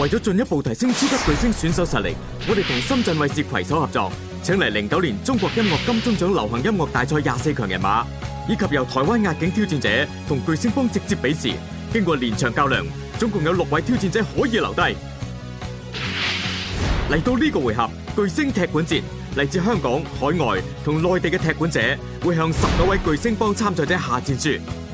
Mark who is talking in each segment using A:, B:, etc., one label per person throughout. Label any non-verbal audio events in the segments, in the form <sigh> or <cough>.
A: 為咗進一步提升超級巨星選手實力，我哋同深圳衛視攜手合作，請嚟零九年中國音樂金鐘獎流行音樂大賽廿四強人馬，以及由台灣壓境挑戰者同巨星幫直接比試。經過連場較量，總共有六位挑戰者可以留低。嚟到呢個回合，巨星踢館節嚟自香港、海外同內地嘅踢館者會向十九位巨星幫參賽者下戰書。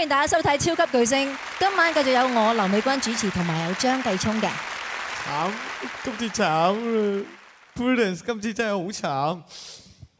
B: 歡迎大家收睇《超級巨星》，今晚繼續有我劉美君主持，同埋有張繼聰嘅。
C: 慘，
B: 今次慘啦
D: ！Prudence，今次真係好慘，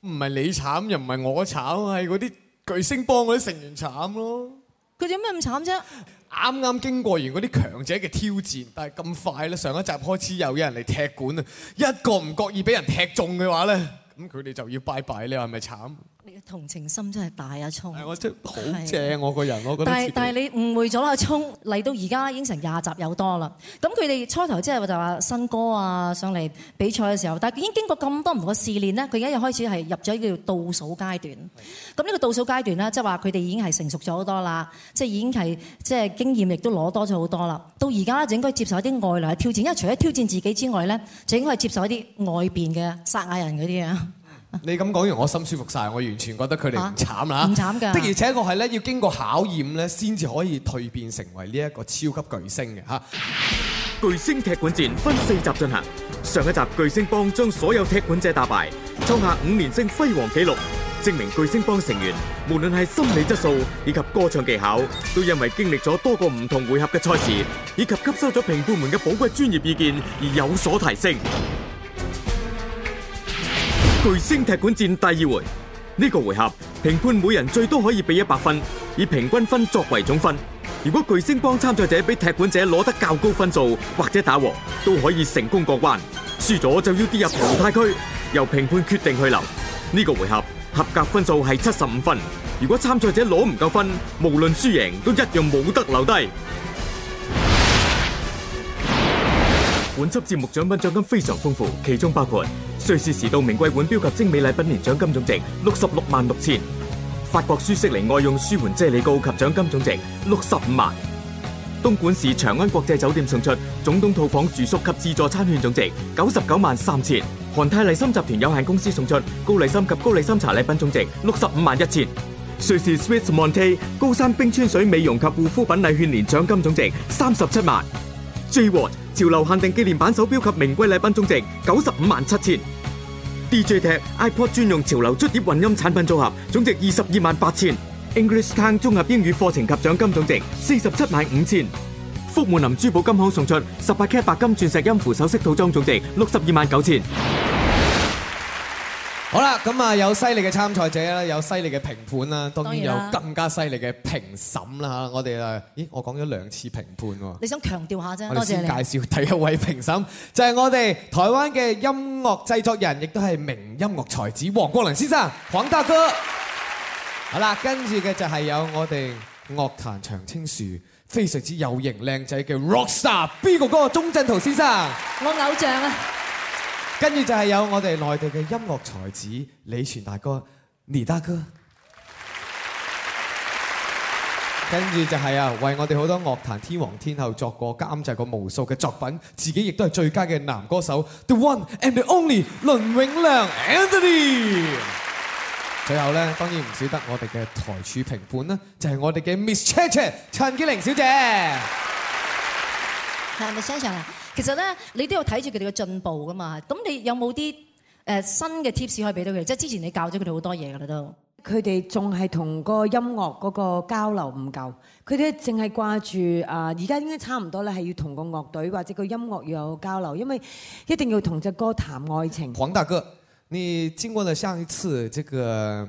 D: 唔係你慘，又唔係我慘，係嗰啲巨星幫嗰啲成員慘咯。佢點解咁慘啫？啱啱經過完嗰啲強者嘅挑戰，但係咁快咧，上一集開始又有人嚟踢館啊！一個唔覺意俾人踢中嘅話咧，咁佢哋就要拜拜，你話係咪慘？
B: 你嘅同情心真係大，
D: 阿聰，係、哎、我真係好正我個人，我覺得但。但係但係你
B: 誤會咗啦，聰嚟到而家已經成廿集有多啦。咁佢哋初頭即係就話新歌啊，上嚟比賽嘅時候，但係已經經過咁多唔同嘅試練咧，佢而家又開始係入咗呢個叫倒數階段。咁呢個倒數階段咧、就是，即係話佢哋已經係成熟咗好多啦，即係已經係即係經驗亦都攞多咗好多啦。到而家就應該接受一啲外來嘅挑戰，因為除咗挑戰自己之外咧，就應該係接受一啲外邊嘅撒亞人嗰啲啊。
D: 你咁講完，我心舒服晒。我完全覺得佢哋唔慘啦，唔、啊、慘噶。的而且確係咧，要經過考驗咧，先至可以蛻變成為呢一個超級巨
A: 星嘅嚇。巨星踢館戰分四集進行，上一集巨星幫將所有踢館者打敗，創下五連勝輝煌紀錄，證明巨星幫成員無論係心理質素以及歌唱技巧，都因為經歷咗多個唔同回合嘅賽事，以及吸收咗評判們嘅寶貴專業意見而有所提升。巨星踢館戰第二回，呢個回合評判每人最多可以俾一百分，以平均分作為總分。如果巨星幫參賽者俾踢館者攞得較高分數或者打和，都可以成功過關。輸咗就要跌入淘汰區，由評判決定去留。呢個回合合格分數係七十五分。如果參賽者攞唔夠分，無論輸贏都一樣冇得留低。本輯節目獎品獎金非常豐富，其中包括瑞士時度名貴腕表及精美禮品年獎金總值六十六萬六千；法國舒適尼外用舒緩啫喱膏及獎金總值六十五萬；東莞市長安國際酒店送出總統套房住宿及自助餐券總值九十九萬三千；韓泰麗參集團有限公司送出高麗參及高麗參茶禮品總值六十五萬一千；瑞士 Swiss Montay 高山冰川水美容及護膚品禮券年獎金總值三十七萬。J Watch 潮流限定紀念版手錶及名貴禮品總值九十五萬七千；DJ T iPod 專用潮流捽碟混音產品組合總值二十二萬八千；English Town 綜合英語課程及獎金總值四十七萬五千；福滿林珠寶金行送出十八 K 白金鑽石音符首飾套裝總值六十二萬九千。
D: 好啦，咁啊有犀利嘅參賽者啦，有犀利嘅評判啦，當然有更加犀利嘅評審啦嚇。我哋啊，咦，我講咗兩次評判喎。你
B: 想強調下啫，多謝你。我先介
D: 紹第一位評審，就係我哋台灣嘅音樂製作人，亦都係名音樂才子黃國倫先生，黃大哥。好啦，跟住嘅就係有我哋樂壇長青樹，非常之有型靚仔嘅 rockstar Big 個哥鍾鎮濤先生，我偶像啊。跟住就係有我哋內地嘅音樂才子李泉大哥，尼大哥。跟住就係啊，為我哋好多樂壇天王天后作過監製過無數嘅作品，自己亦都係最佳嘅男歌手，The One and Only 倫永亮 Anthony。最後呢，當然唔少得我哋嘅台柱評判啦，就係我哋嘅 Miss Che Che 陳潔靈小姐。睇
B: 下你想唔想啊？其實咧，你都要睇住佢哋嘅進步噶嘛。咁你有冇啲
E: 誒新嘅 tips 可以俾到佢？即係之前你教咗佢哋好多嘢噶啦都。佢哋仲係同個音樂嗰個交流唔夠，佢哋淨係掛住啊！呃，而家應該差唔多咧，係要同個樂隊或者個音樂要有交流，因為一定要同隻歌談愛情。黃
D: 大哥，你經過咗上一次嗰個。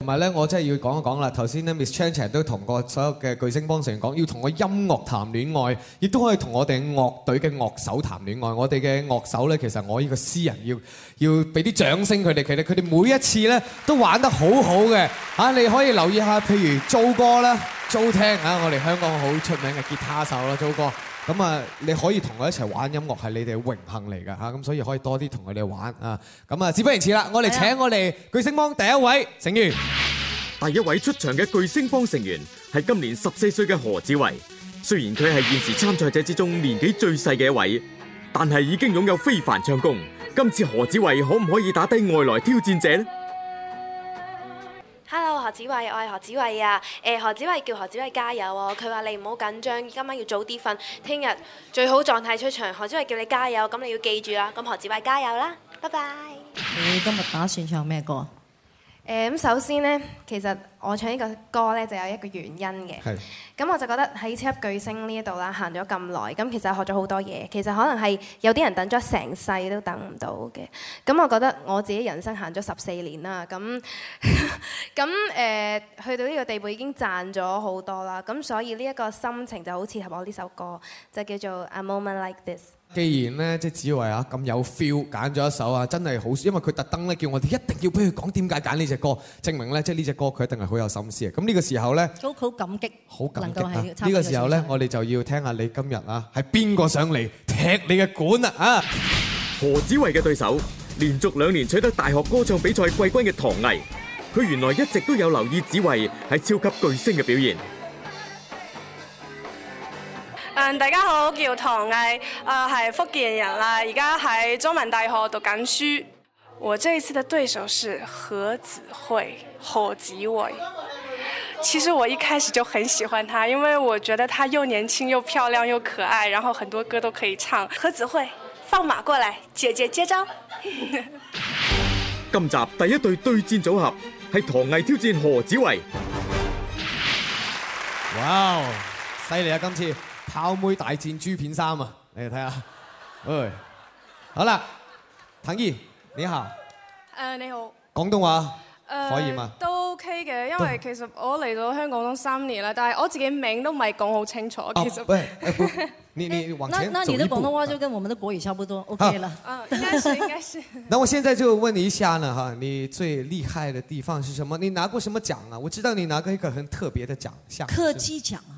D: 同埋咧，我真係要講一講啦。頭先咧，Miss Chan Chan 都同個所有嘅巨星幫成員講，要同個音樂談戀愛，亦都可以同我哋樂隊嘅樂手談戀愛。我哋嘅樂手咧，其實我呢個私人要要俾啲掌聲佢哋。其實佢哋每一次咧都玩得好好嘅。啊，你可以留意下，譬如 Joe 哥啦，Joe 聽吓，我哋香港好出名嘅吉他手啦，Joe 哥。咁啊，你可以同佢一齊玩音樂，係你哋嘅榮幸嚟㗎吓。咁所以可以多啲同佢哋玩啊！咁啊，事不宜遲
A: 啦，我哋請我哋巨星幫第、哎、第一位成員。第一位出場嘅巨星幫成員係今年十四歲嘅何子維。雖然佢係現時參賽者之中年紀最細嘅一位，但係已經擁有非凡唱功。今次何子維可唔可以打低外來挑戰者咧？
F: Hello，何子慧，我係何子慧啊。誒，何子慧叫何子慧加油哦。佢話你唔好緊張，今晚要早啲瞓，聽日最好狀態出場。何子慧叫你加油，咁你要記住啊。咁何子慧加油啦，拜拜。
B: 你今日打算唱咩歌啊？
F: 誒首先呢，其實我唱呢個歌呢，就有一個原因嘅。咁我就覺得喺超級巨星呢一度啦，行咗咁耐，咁其實學咗好多嘢。其實可能係有啲人等咗成世都等唔到嘅。咁我覺得我自己人生行咗十四年啦，咁咁誒，去到呢個地步已經賺咗好多啦。咁所以呢一個心情就好適合我呢首歌，就叫做 A Moment Like This。
D: 既然咧，即係子慧啊咁有 feel，揀咗一首啊，真係好，因為佢特登咧叫我哋一定要俾佢講點解揀呢隻歌，證明咧即係呢隻歌佢一定係好有心思啊，咁呢個時候
B: 咧，好感激，好感激啊！呢個時候咧，
D: 我哋就要聽下你今日啊，係邊個上
A: 嚟踢你嘅館啊？啊，何子慧嘅對手，連續兩年取得大學歌唱比賽冠軍嘅唐毅，佢原來一直都有留意子慧係超級巨星嘅表現。
G: 大家好，叫唐藝，誒係福建人啦，而家喺中文大學讀緊書。我這一次的對手是何子慧，何子慧，其實我一開始就很喜歡她，因為我覺得她又年輕又漂亮又可愛，然後很多歌都可以唱。何子慧，放馬過來，姐姐接招。
A: <laughs> 今集第一對對戰組合係唐藝挑戰何子慧，
D: 哇，犀利啊今次！烤妹大戰豬片三啊！你睇下，哎，好啦，唐毅，你好。
G: 誒、uh,，你好。廣東話。誒、uh,，可以嗎？都 OK 嘅，因為其實我嚟到香港都三年啦，但係我自己名都唔係講好清楚。其實，uh, 欸、你你往
D: 前走一步 <laughs> 那，那你的廣東
B: 話就跟我們的國語差不多、uh,，OK 了。嗯，應該是應該
D: 是。那我現在就問你一下啦，哈，你最厲害的地方是什麼？你拿過什麼獎啊？我知道你拿過一個很特別的獎項。是是科技獎、啊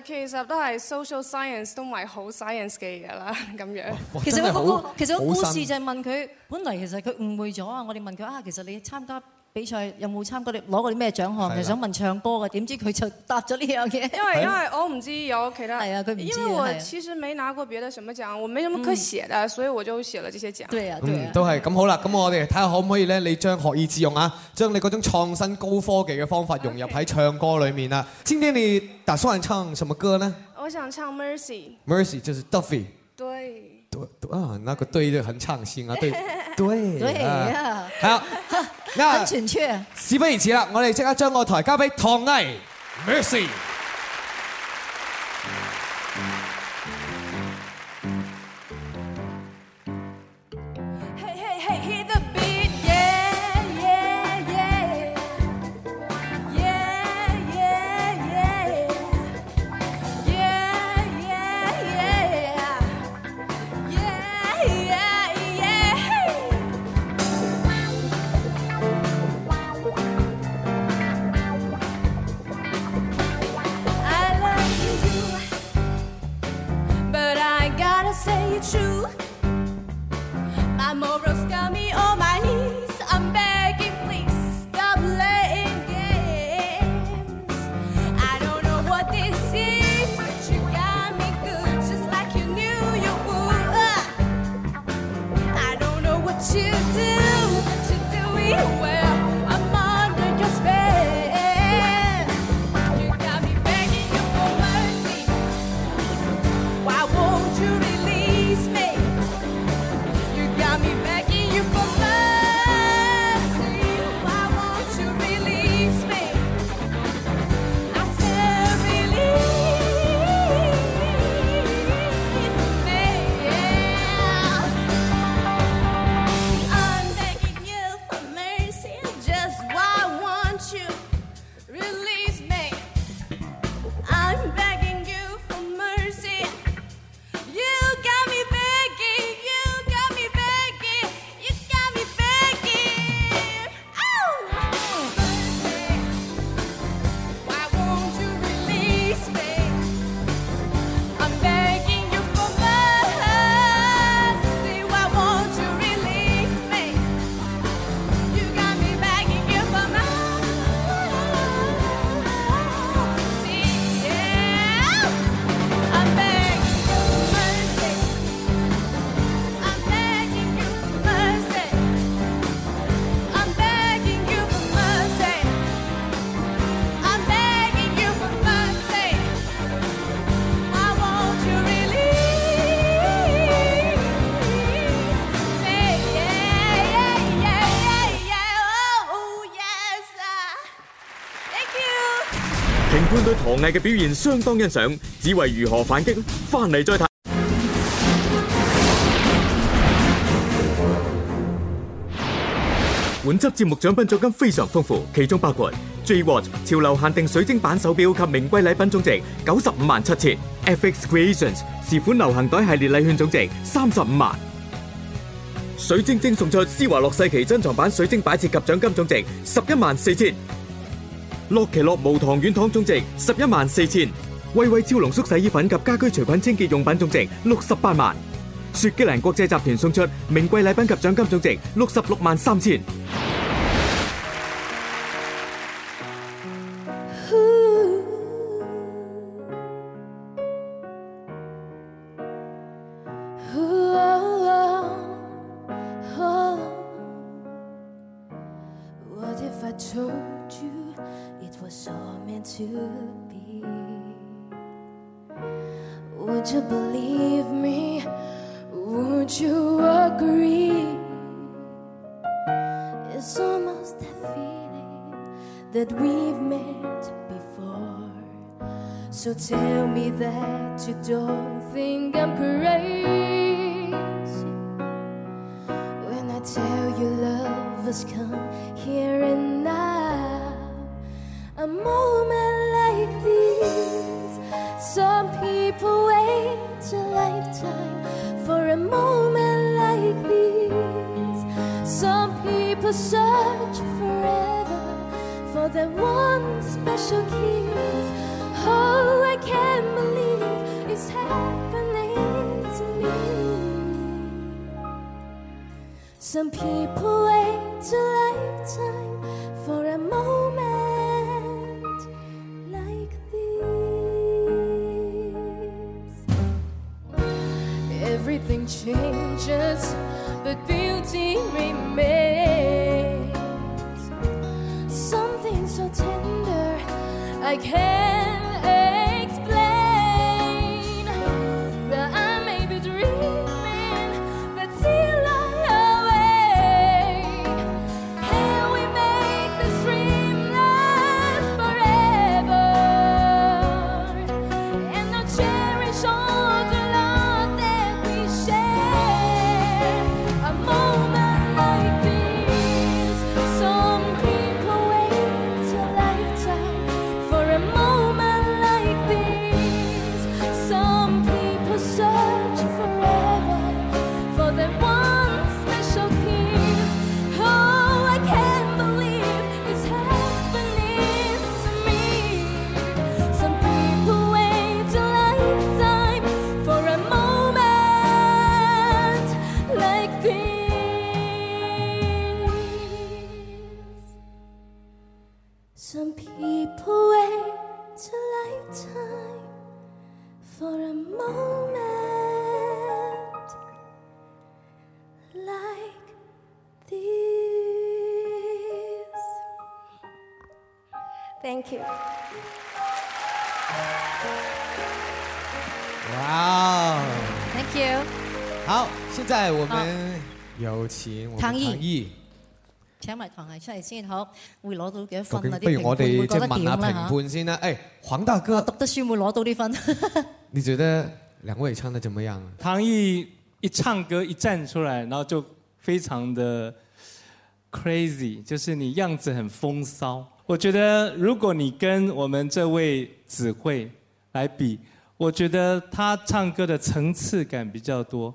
G: 其實都係 social
B: science，都唔係好 science 嘅啦，咁樣。其實、個故，其實個故事就係問佢，的本嚟其實佢誤會咗啊！我哋問佢啊，其實你參加。比賽有冇參過？你攞過啲咩獎項？想問唱歌嘅，點知佢就答咗呢樣嘢。因為因為我唔知有其他。因為我其
G: 實沒拿過別的什麼獎，我沒什麼可寫的，嗯、所以我就寫了這些獎。對啊，對啊、嗯。
D: 都係咁好啦。咁我哋睇下可唔可以咧？你將學以致用啊，將你嗰種創新高科技嘅方法融入喺、okay、唱歌裏面啊。今天你打算唱什麼歌呢？
G: 我想唱 Mercy。
D: Mercy 就是 Duffy
G: 對
D: 對。對。啊，那個對的很創新啊，對對。對，對，啊對啊好。
B: <laughs> 很準確，
D: 事不宜遲啦，我哋即刻將個台交俾唐藝。Mercy。
A: 藝嘅表現相當欣賞，只為如何反擊，翻嚟再睇。本輯節目獎品獎金非常豐富，其中包括 J Watch 潮流限定水晶版手錶及名貴禮品總值九十五萬七千；FX Creations 時款流行袋系列禮券總值三十五萬；水晶晶送出施華洛世奇珍藏版水晶擺設及獎金總值十一萬四千。洛奇樂，樂無糖軟糖總值十一萬四千，威威超濃縮洗衣粉及家居除菌清潔用品總值六十八萬，雪肌蘭國際集團送出名貴禮品及獎金總值六十六萬三千。
D: 二，
B: 請埋唐藝出嚟，先好會攞到幾多分？不如我哋問下評判
D: 先啦，誒，黃大
B: 哥，讀得書會攞到呢分。
D: <laughs> 你覺得兩位唱得怎麼樣
H: 啊？唐藝一唱歌一站出來，然後就非常的 crazy，就是你樣子很風騷。我覺得如果你跟我們這位子慧來比，我覺得他唱歌的層次感比較多。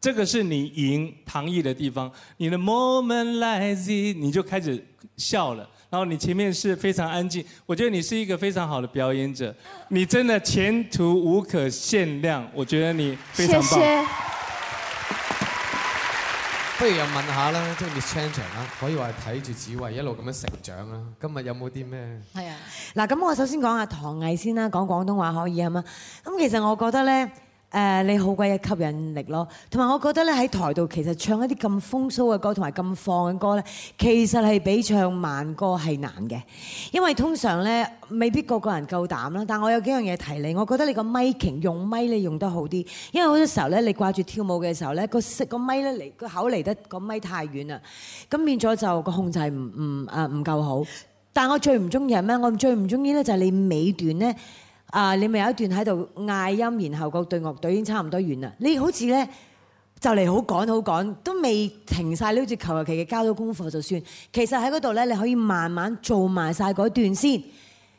H: 這個是你贏唐藝的地方，你的 moment 來襲，你就開始笑了，然後你前面是非常安靜。我覺得你是一個非常好的表演者，你真的前途無可限量。我覺得你
D: 非常棒。謝謝。不如又問下啦，即係你 Chan Tang 啊，可以話睇住紫慧一路咁樣成長啦、啊。今日有冇啲咩？係啊，
E: 嗱，咁我首先講下唐藝先啦、啊，講廣東話可以係嗎？咁其實我覺得咧。誒你好鬼有吸引力咯，同埋我覺得咧喺台度其實唱一啲咁風騷嘅歌同埋咁放嘅歌咧，其實係比唱慢歌係難嘅，因為通常咧未必個個人夠膽啦。但我有幾樣嘢提你，我覺得你個咪擎，用咪你用得好啲，因為好多時候咧你掛住跳舞嘅時候咧，個聲個咪咧離個口離得個咪太遠啦，咁變咗就個控制唔唔誒唔夠好。但我最唔中意係咩？我最唔中意咧就係你尾段咧。啊！你咪有一段喺度嗌音，然後個隊樂隊已經差唔多完啦。你好似咧就嚟好趕好趕，都未停晒。呢段求求其其交咗功課就算。其實喺嗰度咧，你可以慢慢做埋晒嗰段先，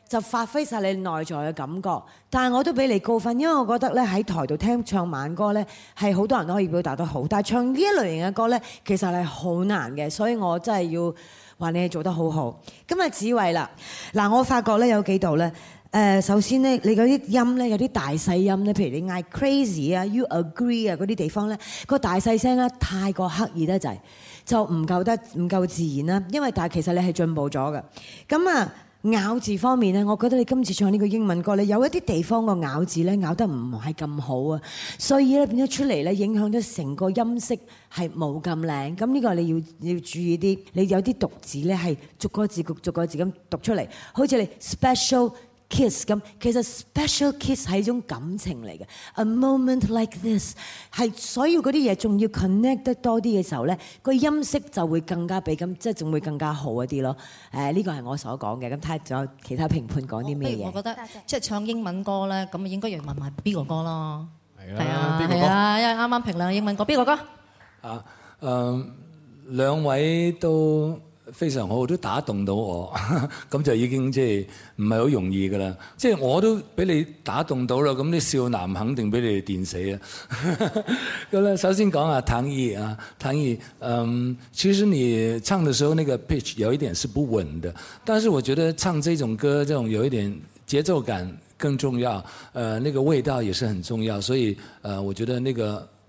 E: 就發揮晒你內在嘅感覺。但係我都俾你高分，因為我覺得咧喺台度聽唱晚歌咧係好多人都可以表達到好。但係唱呢一類型嘅歌咧，其實係好難嘅，所以我真係要話你係做得好好。今日紫慧啦，嗱我發覺咧有幾度咧。誒，首先咧，你嗰啲音咧，有啲大細音咧，譬如你嗌 crazy 啊、you agree 啊嗰啲地方咧，個大細聲咧，太過刻意得滯，就唔夠得，唔夠自然啦。因為但係其實你係進步咗嘅。咁啊，咬字方面咧，我覺得你今次唱呢個英文歌，你有一啲地方個咬字咧咬得唔係咁好啊，所以咧變咗出嚟咧影響咗成個音色係冇咁靚。咁呢個你要要注意啲，你有啲讀字咧係逐個字逐個字咁讀出嚟，好似你 special。Kiss 咁，其實 special kiss 係一種感情嚟嘅，a moment like this 係所有嗰啲嘢仲要 connect 得多啲嘅時候咧，個音色就會更加俾咁，即係仲會更加好一啲咯。誒，呢個係我所講嘅。咁睇下仲有其他評判講啲咩嘢？我覺
B: 得即係唱英文歌咧，咁應該要問
E: 埋 B 哥哥咯。
I: 係啊，係啊，
B: 因為啱啱評論英文歌，B 哥哥？
I: 啊誒、嗯，兩位都，非常好，都打動到我，咁就已經即係唔係好容易噶啦。即係我都俾你打動到啦，咁啲少男肯定俾你電死啊。咁咧，首先講下唐毅啊，唐毅，嗯，其實你唱嘅時候，那個 pitch 有一點是不穩的。但是，我覺得唱這種歌，這種有一點節奏感更重要，呃，那個味道也是很重要，所以，呃，我覺得那個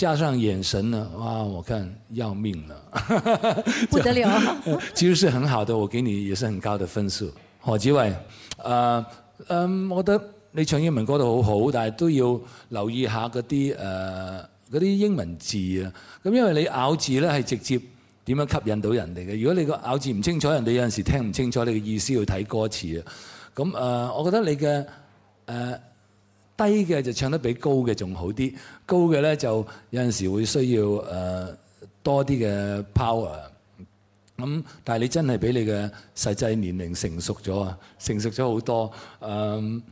I: 加上眼神啊，哇！我看要命了，不得了。其實是很好的，我給你也是很高的分數。何子偉，啊、呃，嗯、呃，我覺得你唱英文歌都好好，但係都要留意下嗰啲誒嗰啲英文字啊。咁因為你咬字咧係直接點樣吸引到人哋嘅。如果你個咬字唔清楚，人哋有陣時聽唔清楚你嘅意思要，要睇歌詞啊。咁、呃、誒，我覺得你嘅誒。呃低嘅就唱得比高嘅仲好啲，高嘅咧就有陣時會需要誒多啲嘅 power。咁但係你真係比你嘅實際年齡成熟咗啊，成熟咗好多。誒，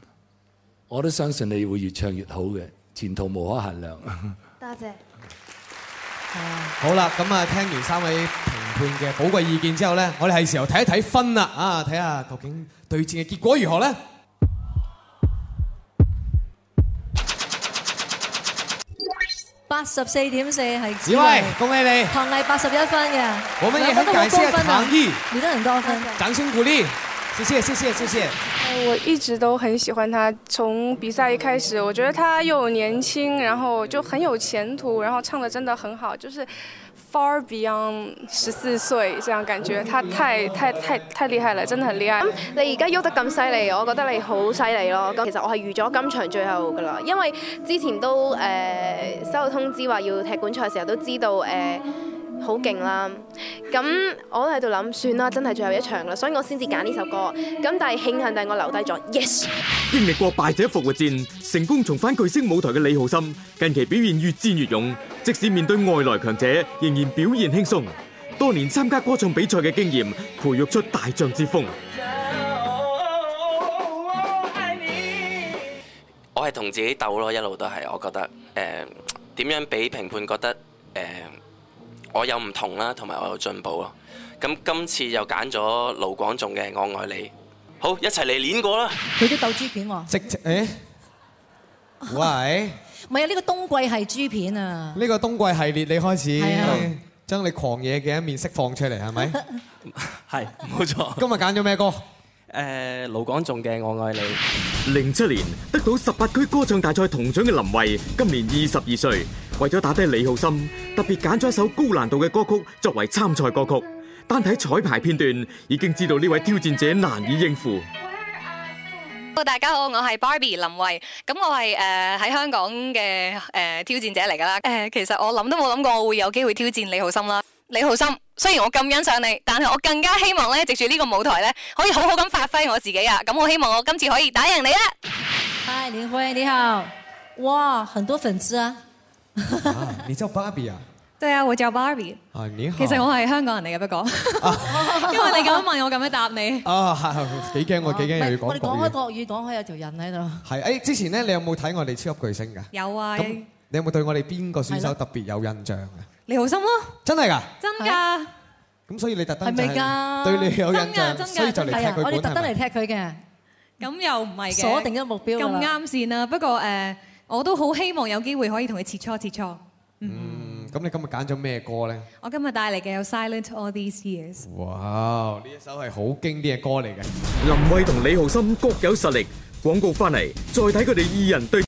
I: 我都相信你會越唱越好嘅，前途無可限量。
F: 多謝。嗯，
D: 好啦，咁啊，聽完三位評判嘅寶貴意見之後咧，我哋係時候睇一睇分啦，啊，睇下究竟對戰嘅結果如何咧？
B: 八十四點四係，紫薇。恭
D: 喜
G: 你，
B: 唐毅八十一分嘅，我們也很感謝唐毅，你都幾高分，
D: 掌聲鼓勵，謝謝謝謝謝謝。
G: 我一直都很喜歡他，從比賽一開始，我覺得他又年輕，然後就很有前途，然後唱得真的很好，就是。Far beyond 十四歲，這樣感覺，他太太太太厲害啦，真的很
F: 厲害。咁你而家喐得咁犀利，我覺得你好犀利咯。咁其實我係預咗今場最後噶啦，因為之前都誒、呃、收到通知話要踢館賽嘅時候都知道誒。呃好勁啦！咁我喺度諗，算啦，真係最後一場啦，所以我先至揀呢首歌。咁但係慶幸，但係我留低咗 Yes。
A: 經歷過敗者復活戰，成功重返巨星舞台嘅李浩森，近期表現越戰越勇，即使面對外來強者，仍然表現輕鬆。多年參加歌唱比賽嘅經驗，培育出大將之風。Oh, oh, oh, oh,
J: need... 我係同自己鬥咯，一路都係，我覺得誒點、呃、樣俾評判覺得誒？呃我有唔同啦，同埋我有進步咯。咁今次又揀咗盧廣仲嘅《我愛你》，好一齊嚟練過啦。
B: 佢啲鬥豬片喎。
D: 直誒，喂，
B: 唔係啊？呢個冬季係豬片啊。
D: 呢個冬季系列，你開始將你狂野嘅一面釋放出嚟，係咪？係， <laughs> 冇錯。今日揀咗咩歌？
A: 誒、呃，盧廣仲嘅《我愛你》。零七年得到十八區歌唱大賽銅獎嘅林慧，今年二十二歲，為咗打低李浩森，特別揀咗一首高難度嘅歌曲作為參賽歌曲。單睇綵排片段，已經知道呢位挑戰者難以應付。
K: Hello 大家好，我係 Barbie 林慧，咁我係誒喺香港嘅誒、呃、挑戰者嚟噶啦。誒、呃，其實我諗都冇諗過我會有機會挑戰李浩森啦。李浩森，雖然我咁欣賞你，但係我更加希望咧，藉住呢個舞台咧，可以好好咁發揮我自己啊！咁我希望我今次可以打贏你啊！嗨，林輝，你好。哇，很多粉絲啊，
D: <laughs> 啊。你叫芭比啊？
K: 對啊，我叫芭比。
D: 啊，你好。其實我
K: 係香港人嚟嘅，不過。啊、 <laughs> <laughs> 因為你咁樣問我，咁樣答你。
D: 啊，係幾驚我，幾、啊、驚、啊、又要講國語，我哋講
K: 開國語，講開有條人喺度。
D: 係，誒、欸，之前咧，你有冇睇我哋超級巨星噶？有啊。咁，你有冇對我哋邊個選手特別有印象嘅？
K: 李浩森咯，真係噶，真噶。
D: 咁所以你特登，係咪噶？對你有印象，所以就嚟踢佢嘅。我哋特登嚟
K: 踢佢嘅，咁又唔係㗎，鎖定咗目標，咁啱先啦。不過誒，我都好希望有機會可以同佢切磋切磋。嗯，
D: 咁你今日揀咗咩歌
A: 咧？
K: 我今日帶嚟嘅有《Silent All These Years》。哇，呢一
A: 首係好經典嘅歌嚟嘅。林慧同李浩森各有實力，廣告翻嚟，再睇佢哋二人對。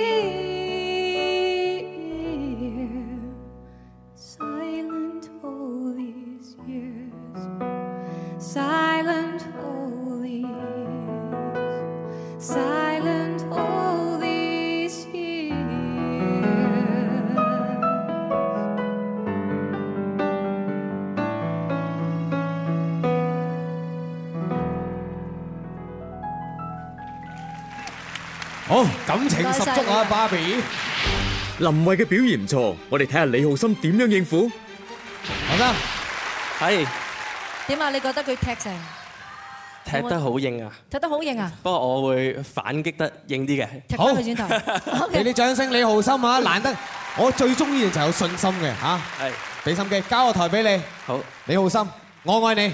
A: 好，感情十足啊，Barbie。林慧嘅表現唔錯，我哋睇下李浩森點樣應付。阿生，誒，
B: 點啊？你覺得佢踢成？踢得好硬啊！踢得好硬啊！
J: 不過我會反擊得硬啲嘅。好，轉頭，俾啲掌聲李浩森
D: 啊！難得，我最鍾意就係有信心嘅吓。係，俾心機，交個台俾你。好，李浩森，我愛你。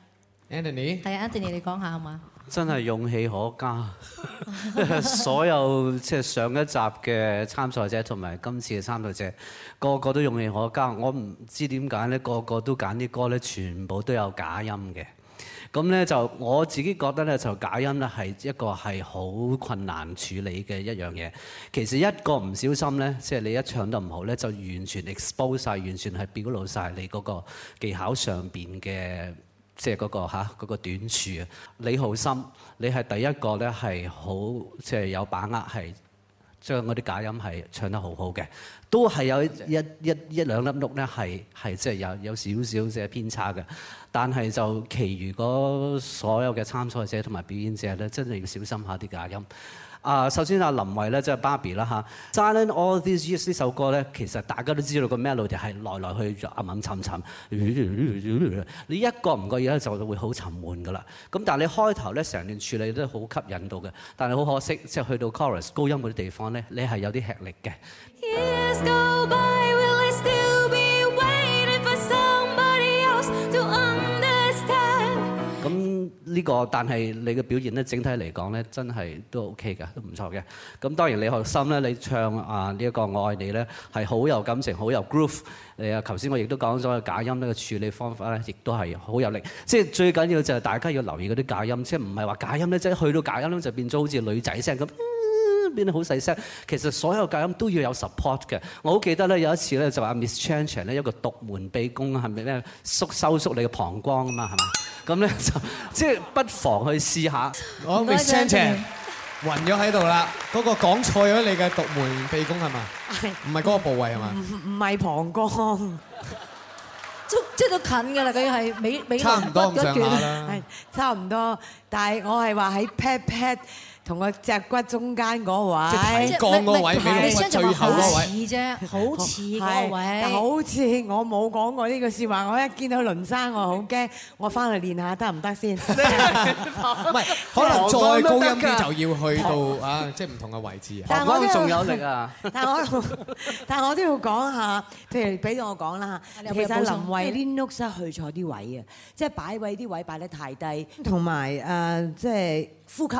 B: Anthony，係啊，Anthony，你講下好嘛？
L: 真係勇氣可嘉，
B: 所
L: 有即係上一集嘅參賽者同埋今次嘅參賽者，個個都勇氣可嘉。我唔知點解咧，個個都揀啲歌咧，全部都有假音嘅。咁咧就我自己覺得咧，就假音咧係一個係好困難處理嘅一樣嘢。其實一個唔小心咧，即係你一唱得唔好咧，就完全 expose 晒，完全係表露晒你嗰個技巧上邊嘅。即係嗰個嚇，嗰個、短處啊！李浩森，你係第一個咧，係好即係有把握，係將嗰啲假音係唱得好好嘅，都係有一一一,一兩粒碌咧，係係即係有有少少嘅偏差嘅。但係就其餘嗰所有嘅參賽者同埋表演者咧，真係要小心下啲假音。啊，首先啊，林慧咧即係 Barbie 啦嚇 Silent All These Years 呢首歌咧，其實大家都知道個 melody 係來來去去暗暗沉沉，你一個唔覺意咧就會好沉悶噶啦。咁但係你開頭咧成段處理都好吸引到嘅，但係好可惜，即係去到 chorus 高音嗰啲地方咧，你係有啲吃力嘅。Uh... 呢、這個，但係你嘅表現咧，整體嚟講咧，真係都 OK 嘅，都唔錯嘅。咁當然李學森咧，你唱啊呢一個愛你咧，係好有感情，好有 groove。誒啊，頭先我亦都講咗假音呢個處理方法咧，亦都係好有力。即係最緊要就係大家要留意嗰啲假音，即係唔係話假音咧，即係去到假音咧就變咗好似女仔聲咁。變得好細聲，其實所有隔音都要有 support 嘅。我好記得咧，有一次咧就話 Miss Chan Chan 咧一個獨門秘功係咪咧縮收縮你嘅膀胱啊嘛，係嘛？咁
D: 咧就即係不妨去試下。我、oh, Miss Chan Chan 暈咗喺度啦，嗰、那個講錯咗你嘅獨門秘功係嘛？唔係嗰個部位係嘛？
E: 唔唔係膀胱，即 <laughs> 即都近㗎啦。佢係尾尾龍骨，差唔多，講差唔多，多，但係我係話喺 pet pet 同個脊骨中間嗰位，置的位置，幹嗰、那個、位，尾龍骨最後的位置好，好似啫，好似嗰位，好似我冇講過呢句説話。我一見到輪生，我好驚，我翻去練下得唔得先？唔係， <laughs> <laughs> 可
D: 能再高音啲就要去到 <laughs> 啊，即係
E: 唔同嘅位置。但係我仲有力啊！但係我，但係我，我都要講下，譬如俾到我講啦嚇。 <laughs> 其實林慧 Linux 去錯啲位啊，即、就、係、是、擺位啲位擺得太低，同埋啊，即、呃、係、就是、呼吸。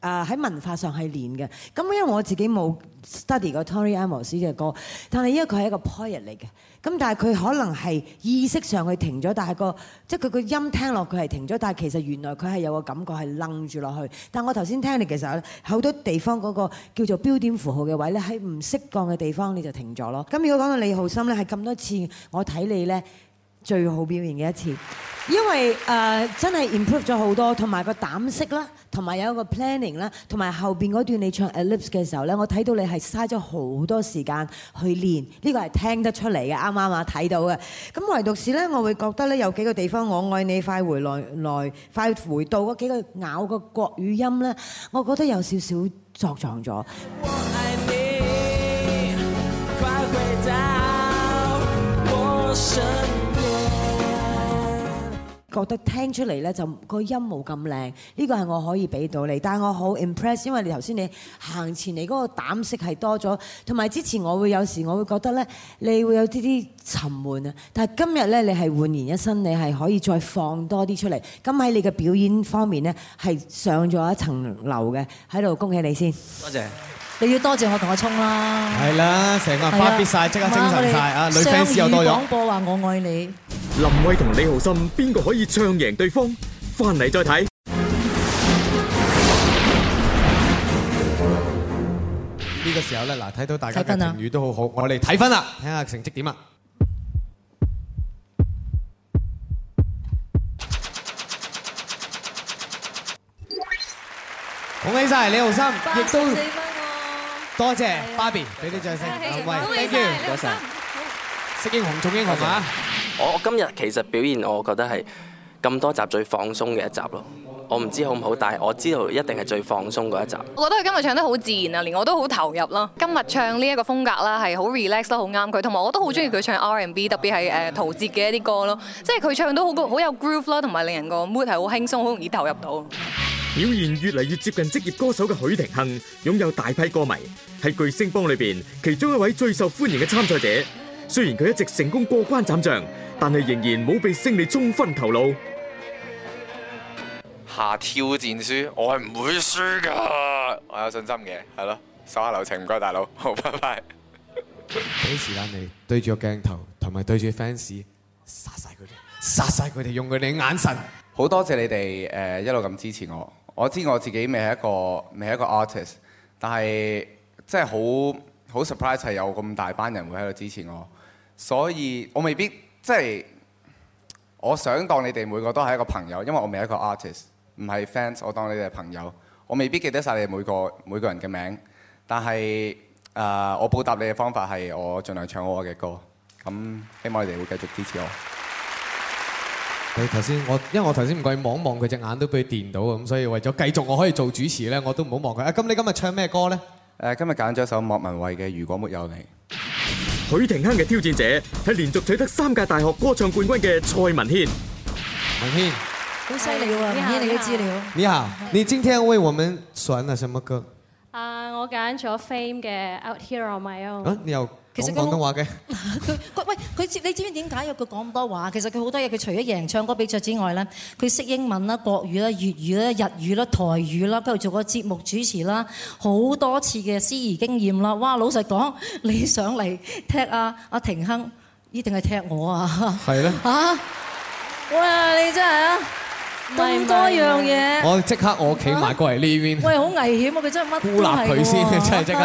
E: 啊！喺文化上係練嘅，咁因為我自己冇 study 過 Tori Amos 嘅歌，但係因為佢係一個 poet 嚟嘅，咁但係佢可能係意識上停了去停咗，但係個即係佢個音聽落佢係停咗，但係其實原來佢係有個感覺係愣住落去。但我頭先聽你其實好多地方嗰個叫做標點符號嘅位咧，喺唔適當嘅地方你就停咗咯。咁如果講到李浩森咧，係咁多次我睇你咧。最好表現嘅一次，因為誒、呃、真係 improve 咗好多，同埋個膽色啦，同埋有一個 planning 啦，同埋後邊嗰段你唱 Ellipse 嘅時候呢，我睇到你係嘥咗好多時間去練，呢個係聽得出嚟嘅，啱啱啊？睇到嘅，咁唯獨是呢，我會覺得呢，有幾個地方，我愛你快回來來，快回到嗰幾個咬個國語音呢，我覺得有少少作狀咗。覺得聽出嚟呢，就個音冇咁靚，呢個係我可以俾到你。但係我好 impress，因為你頭先你行前你嗰個膽色係多咗，同埋之前我會有時我會覺得呢，你會有啲啲沉悶啊。但係今日呢，你係煥然一新，你係可以再放多啲出嚟。咁喺你嘅表演方面呢，係上咗一層樓嘅，喺度恭喜你先。多謝，謝。你要多謝我同阿
B: 聰啦，係
E: 啦，成個花啲曬，即刻精神曬啊！女 fans 又多咗。上語
B: 講播話我愛你。
A: 林慧同李浩森，邊個可以唱贏對方？翻嚟再睇。呢個時
D: 候咧，嗱，睇到大家嘅成語都好好，我哋睇返啦，睇下成績點啊！恭喜曬李浩森，亦都。多謝，謝 Barbie，俾啲掌聲。喂，Thank
C: you，多
J: 謝。識英雄，重英雄嚇。我今日其實表現，我覺得係咁多集最放鬆嘅一集咯。我唔知好唔好，但係我知道一定係最放鬆嗰一集。
K: 我覺得佢今日唱得好自然啊，連我都好投入咯。今日唱呢一個風格啦，係好 relax 咯，好啱佢。同埋我都好中意佢唱 R&B，特別係誒陶喆嘅一啲歌咯。即係佢唱都好好有 groove 啦，同埋令人個 mood 係好輕鬆，好容易投入到。
A: 表現越嚟越接近職業歌手嘅許廷鏗，擁有大批歌迷，喺《巨星幫》裏邊其中一位最受歡迎嘅參賽者。雖然佢一直成功過關斬將，但係仍然冇被勝利沖昏頭腦。下挑
M: 戰書，我係唔會輸噶，我有信心嘅，係咯，手下留情，唔該大佬，好，拜拜。俾時間你
D: 對住個鏡頭同埋對住 fans 殺
M: 晒佢哋，殺晒佢哋，用佢哋眼神。好多謝你哋誒、呃、一路咁支持我。我知我自己未係一個未係一個 artist，但係真係好好 surprise 係有咁大班人會喺度支持我，所以我未必即係我想當你哋每個都係一個朋友，因為我未係一個 artist，唔係 fans，我當你哋係朋友，我未必記得晒你哋每個每個人嘅名，但係誒、呃、我報答你嘅方法係我盡量唱好我嘅歌，咁希望你哋會繼續支持我。
D: 頭先我，因為我頭先唔該望一望佢隻眼都俾佢電到，咁
M: 所以為咗繼續我可以做主持咧，我都唔好望佢。咁你今日唱咩歌咧？誒，今日揀咗首莫
A: 文蔚嘅《如果沒有你》。許廷鏗嘅挑戰者係連續取得三屆大學歌唱冠軍嘅蔡文軒。文軒，
B: 好犀利喎！文軒，你好。
D: 你好，你今天為我們選咗什麼歌？
N: 啊，我揀咗 Fame 嘅《
B: Out Here On My Own》。啊，你
D: 有？其實講廣東話嘅，
B: 佢喂佢知你知唔知點解佢講咁多話？其實佢好多嘢，佢除咗贏唱歌比賽之外咧，佢識英文啦、國語啦、粵語啦、日語啦、台語啦，跟住做過節目主持啦，好多次嘅司儀經驗啦。哇，老實講，你上嚟踢阿阿庭亨，一定係踢我啊？係咧嚇，哇、啊！喂，你真係啊！咁多樣嘢，我
D: 即刻我企埋過嚟呢邊。喂，
B: 好危險我啊！佢真係乜孤立佢先，真係即刻。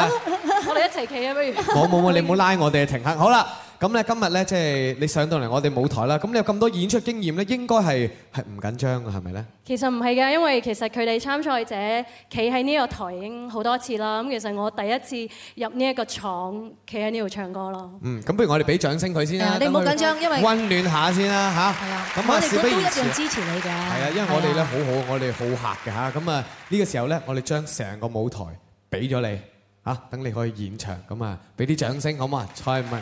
B: <laughs> 我哋一齊企啊！不如我冇冇，
D: 你唔好拉我哋停刻。好啦咁咧，今日咧，即係你上到嚟我哋舞台啦。咁你有咁多演出經驗咧，應該係係唔緊張嘅，係咪咧？
N: 其實唔係嘅，因為其實佢哋參賽者企喺呢個台已經好多次啦。咁其實我第一次入呢一個廠企喺呢度唱歌咯。嗯，
D: 咁不如我哋俾掌聲佢先啦。啊，你唔好緊張，因為溫暖下先啦，嚇。係啊，咁啊，一定支
N: 持你嘅。係啊，因為我哋
D: 咧好好，我哋好客嘅嚇。咁啊，呢個時候咧，我哋將成個舞台俾咗你嚇，等你可以演唱咁啊，俾啲掌聲好嘛，蔡文。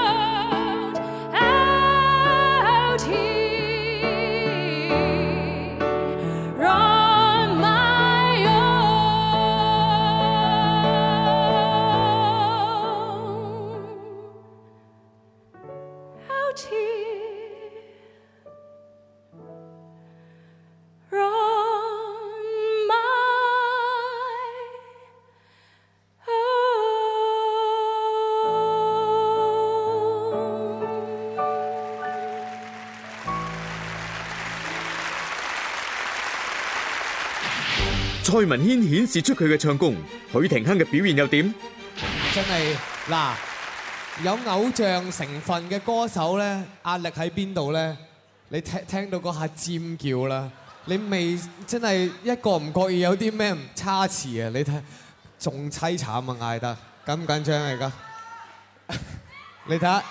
A: 蔡文軒顯示出佢嘅唱功，許廷鏗嘅表現又點？
D: 真係嗱，有偶像成分嘅歌手咧，壓力喺邊度咧？你聽聽到嗰下尖叫啦，你未真係一個唔覺意有啲咩差池啊？你睇仲淒慘啊，嗌得，緊唔緊張呀？而家，你睇
B: 下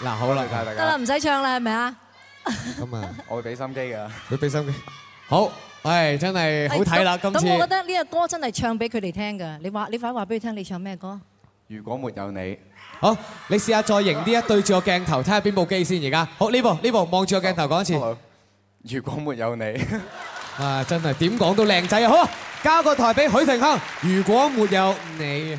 M: 嗱，好啦，大家。得啦，
B: 唔使唱啦，係咪啊？
M: 咁啊，我會俾心機噶，會俾心機。好。係真係好睇啦！今次咁，我
B: 覺得呢個歌真係唱俾佢哋聽噶。你話你快話俾佢聽，你唱咩歌？
M: 如果沒有你，好，
D: 你試下再型啲啊！對住個鏡頭，睇下邊部機先。而家好呢部呢部，望住個鏡頭講一次。如果沒有你啊，真係點講都靚仔啊！好，交個台俾許廷鏗。如果沒有你。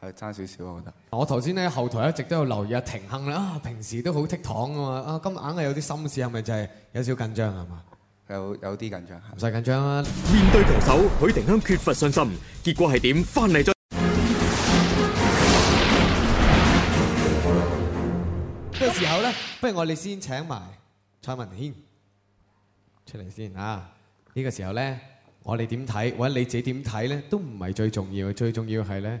M: 係差少少，我覺得。我頭先咧，後台一直都有留意阿廷鏗啦。啊，
D: 平時都好倜儻㗎嘛。啊，今日硬係有啲心事，係咪就係有少緊張係嘛？有
M: 有啲緊張。
A: 唔使緊張啦。面對對手，許廷鏗缺乏信心。結果係點？翻嚟再。呢
D: 個時候咧？不如我哋先請埋蔡文軒出嚟先嚇。呢個時候咧，我哋點睇或者你自己點睇咧，都唔係最重要。最重要係咧。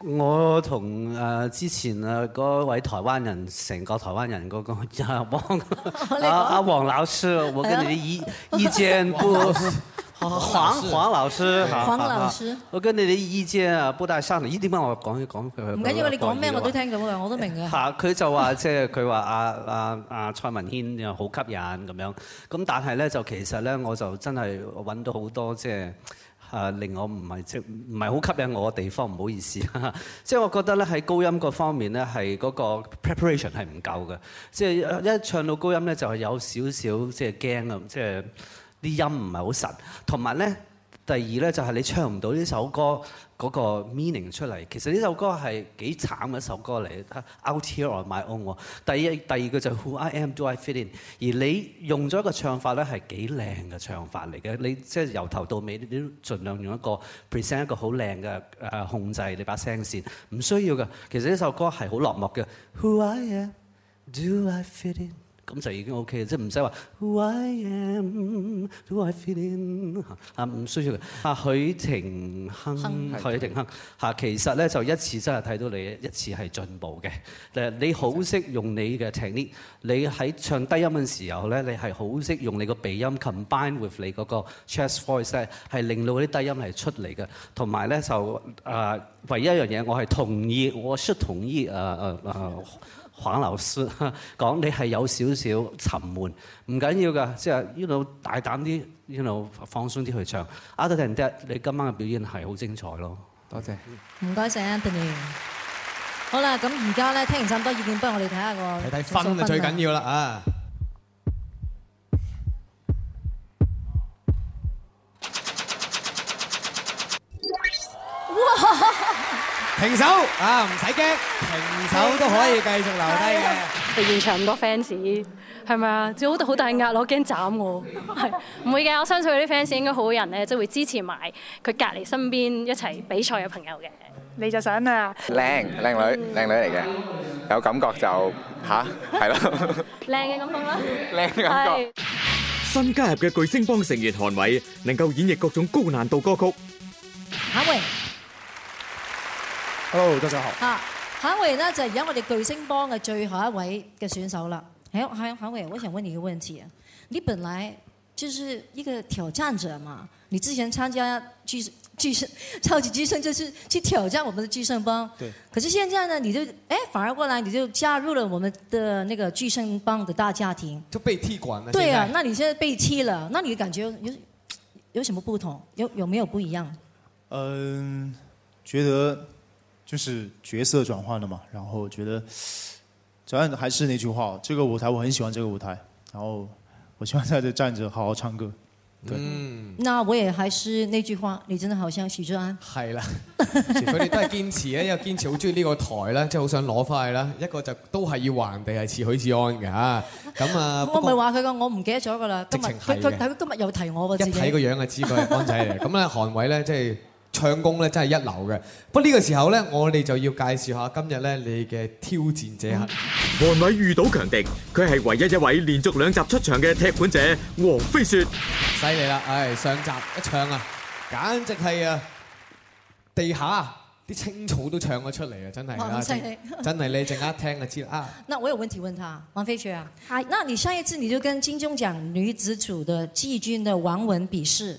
L: 我同之前誒嗰位台灣人，成個台灣人嗰個阿阿黃老師，我跟你啲意的意見不，黃黃老師，黃老師，老師，老師，老師、啊啊啊，我跟你啲意見，啊不搭上，咦點解我講一講佢？唔緊要，你講咩我都
B: 聽到，樣，
L: 我都明嘅。嚇！佢就話即係佢話阿阿阿蔡文軒又好吸引咁樣，咁但係咧就其實咧我就真係揾到好多即係。就是誒令我唔係即唔係好吸引我嘅地方，唔好意思，即係我覺得咧喺高音嗰方面咧係嗰個 preparation 係唔夠嘅，即係一唱到高音咧就係有少少即係驚啊，即係啲音唔係好實，同埋咧第二咧就係你唱唔到呢首歌。嗰個 meaning 出嚟，其實呢首歌係幾慘嘅一首歌嚟。Out here on my own，第一、第二個就係 Who I am do I fit in？而你用咗個唱法咧係幾靚嘅唱法嚟嘅，你即係由頭到尾你都盡量用一個 present 一個好靚嘅誒控制你把聲線，唔需要嘅。其實呢首歌係好落寞嘅。Who I am do I fit in？咁就已經 OK 啦，即係唔使話 Who I am, who I feeling。啊，唔需要嘅。啊、嗯，許廷鏗，許廷鏗。嚇，其實咧就一次真係睇到你一次係進步嘅。誒，你好識用你嘅 technique。你喺唱低音嘅時候咧，你係好識用你個鼻音 combine with 你嗰個 chest voice，係令到啲低音係出嚟嘅。同埋咧就啊，唯一一樣嘢，我係同意，我是同意啊啊啊！黃老師講：你係有少少沉悶，唔緊要㗎，即係呢度大膽啲，呢度放鬆啲去唱。阿 Tony，你今晚嘅表演係好精彩咯，多謝，謝。
B: 唔該晒，Anthony，好啦，咁而家咧聽完咁多意見，不如我哋睇下個睇分最重要，就最緊
D: 要啦啊！
N: 停手啊！唔使驚，停手都可以繼續留低嘅。嚟現場咁多 fans，係咪啊？只好得好大壓，我驚斬我。係唔會嘅，我相信佢啲 fans 應該好人咧，即係會支持埋佢隔籬身邊一齊比賽嘅朋友嘅。你就想啊，靚
M: 靚女靚女嚟嘅，有感覺就嚇係咯。
N: 靚
B: 嘅感覺咯，靚嘅
M: 感覺。
A: 新加入嘅巨聲幫成員韓偉能夠演繹各種高難度歌曲。
B: 下一位。
A: Hello，大家
B: 好。嚇，韓偉呢就係而我哋巨星幫嘅最後一位嘅選手啦。係、哎，係，韓偉我想問你嘅問題啊。你本來就是一個挑戰者嘛，你之前參加巨巨星、超級巨星，就是去挑戰我們的巨星幫。對。可是現在呢，你就誒、哎、反而過來，你就加入了我們的那個巨星幫的大家庭。就被
O: 踢館
D: 了。對啊，那
B: 你現在被踢了，那你感覺有有什麼不同？有有沒有不一樣？
O: 嗯，覺得。就是角色轉換了嘛，然後覺得，主要還是那句話，這個舞台我很喜歡這個舞台，然後我希望喺度站着好好唱歌。對。
B: 嗯，那我也還是那句話，你真的好像許志安。
O: 係啦，佢哋都係堅持因為堅持好
D: 中意呢個台啦，即係好想攞翻去啦。一個就是、都係要話人哋係似許志安嘅嚇，咁啊。 <laughs> 我唔係
B: 話佢噶，我唔記得咗噶啦。今日佢今日又提我喎。一睇個
D: 樣就知佢係安仔嚟。咁咧，韓偉咧即係。就是唱功咧，真係一流嘅，不過呢個時候咧，我哋就要
A: 介紹下今日咧，你嘅挑戰者啦。王偉遇到強敵，佢係唯一一位連續兩集出場嘅踢館者王飛雪。犀利啦，唉，上集一
D: 唱啊，簡直係啊，地下啲青草都唱咗出嚟啊。真係，真係你陣間一聽就知啦。啊，
B: 嗱，我有問題問他，王飛雪啊。啊，那你上一次你就跟金鐘獎女子組嘅季軍嘅王文比試。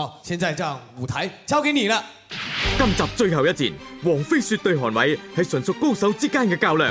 A: 好，現在這舞台交給你啦。今集最後一戰，王飛雪對韓偉，係純屬高手之間嘅較量。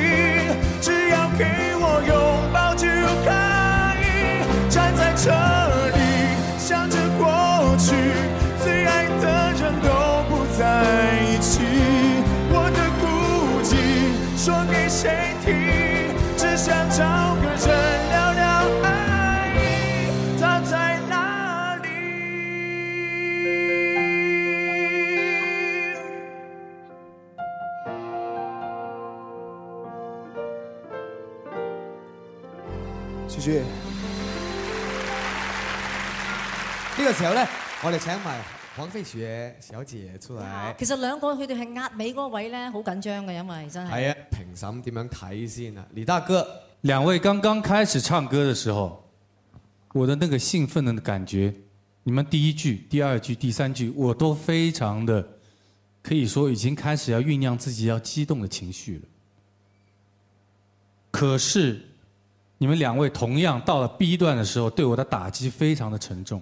D: 這個時候呢，我哋請埋黃飛雪小姐出嚟。其
B: 實兩個佢哋係壓尾嗰位置呢，好緊張嘅，因為真係。係
D: 啊，評審點樣睇先啊？李大哥，兩位剛剛開始唱歌的時
P: 候，我的那個興奮的感覺，你們第一句、第二句、第三句，我都非常的，可以說已經開始要醞釀自己要激動的情緒了。可是，你們兩位同樣到了 B 段的時候，對我的打擊非常的沉重。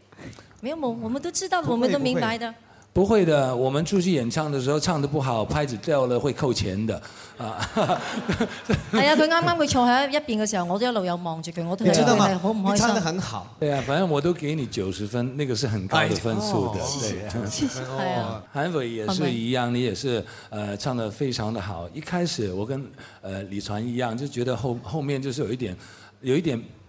Q: 沒有，我我們都知道，我
I: 們都明白的不不。不會的，我們出去演唱的時候，唱的不好，拍子掉了會扣錢的，
B: 啊。呀， <laughs> 啊，佢啱啱佢坐喺一邊嘅時候，我都一路有望住佢，我同佢係好唔開心。你唱得
D: 很好。
I: 對啊，反正我都給你九十分，那個是很高的分數的。哎、對、啊，謝、哦、謝。韓偉、啊 <laughs> <laughs> 啊、也是一樣，你也是，呃，唱得非常的好。一開始我跟、呃、李傳一樣，就覺得後後面就是有一點，有一點。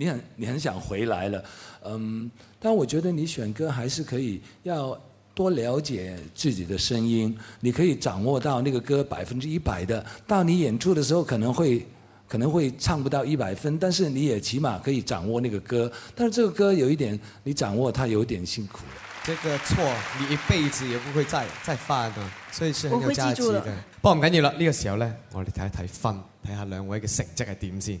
I: 你很你很想回來了，嗯，但我覺得你選歌還是可以，要多了解自己的聲音。你可以掌握到那個歌百分之一百的，到你演出的時候可能會可能會唱不到一百分，但是你也起碼可以掌握那個歌。但是這個歌有一點，你掌握它有點辛苦
R: 了。這個錯，
D: 你一輩子也不會再再犯，所以是很有價值的。我會記住了。
I: 不過唔緊要啦，呢個時候
D: 呢，我哋睇一睇分，睇下兩位嘅成績係點先。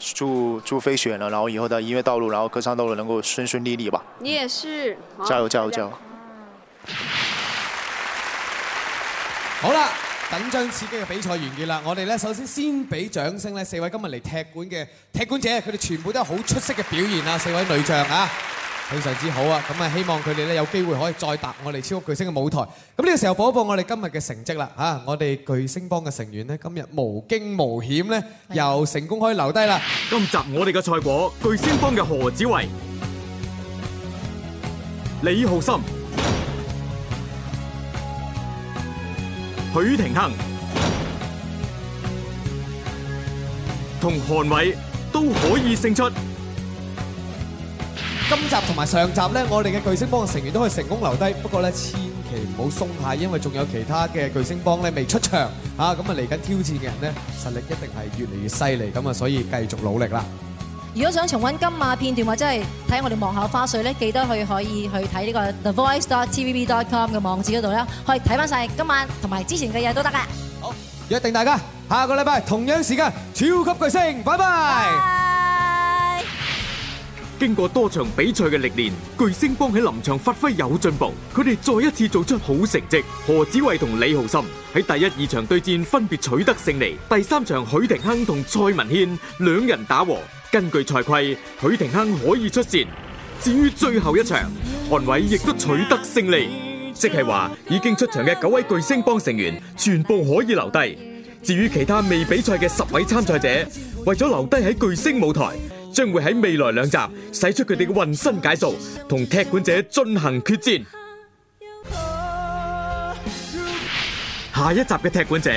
O: 祝祝飛雪啦，然後以後的音樂道路，然後歌唱道路能夠順順利利，利吧，
Q: 嗯。你也是，加油加油，啊，加
O: 油！好啦，緊張刺激嘅比賽
D: 完結啦，我哋咧首先先俾掌聲呢四位今日嚟踢館嘅踢館者，佢哋全部都係好出色嘅表現啊！四位女將啊！非常之好啊！咁啊，希望佢哋咧有機會可以再踏我哋超級巨星嘅舞台。咁呢個時候，播一播我哋今日嘅成績啦！嚇，我哋巨星幫嘅成員咧，今日無驚無
A: 險咧，又成功可以留低啦。今集我哋嘅賽果，巨星幫嘅何子維、李浩森、許廷鏗同韓偉都可以勝出。
D: 今集同埋上集咧，我哋嘅巨星幫嘅成員都可以成功留低，不過咧，千祈唔好鬆懈，因為仲有其他嘅巨星幫咧未出場，啊咁啊嚟緊挑戰嘅人咧，實力一定係越嚟越犀利，咁啊所以繼續努力啦！
B: 如果想重溫今晚片段或者係睇我哋幕後花絮咧，記得去可以去睇呢個 thevoice.tvb.com 嘅網址嗰度啦，可以睇翻晒今晚同埋之前嘅嘢都得噶。好，
D: 約定大家下個禮拜同
A: 樣時間超級巨星，拜拜。經過多場比賽嘅歷練，巨聲幫喺臨場發揮有進步，佢哋再一次做出好成績。何子慧同李浩森喺第一二場對戰分別取得勝利，第三場許廷鏗同蔡文軒兩人打和。根據賽規，許廷鏗可以出線。至於最後一場，韓偉亦都取得勝利，即係話已經出場嘅九位巨聲幫成員全部可以留低。至於其他未比賽嘅十位參賽者，為咗留低喺巨聲舞台，將會喺未來兩集使出佢哋嘅渾身解數，同踢館者進行決戰。下一集嘅踢館者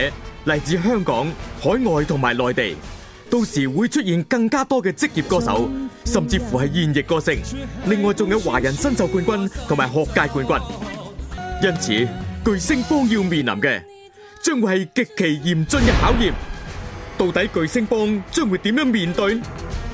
A: 嚟自香港、海外同埋內地，到時會出現更加多嘅職業歌手，甚至乎係現役歌星。另外仲有華人新秀冠軍同埋學界冠軍。因此，巨星幫要面臨嘅將會係極其嚴峻嘅考驗。到底巨星幫將會點樣面對？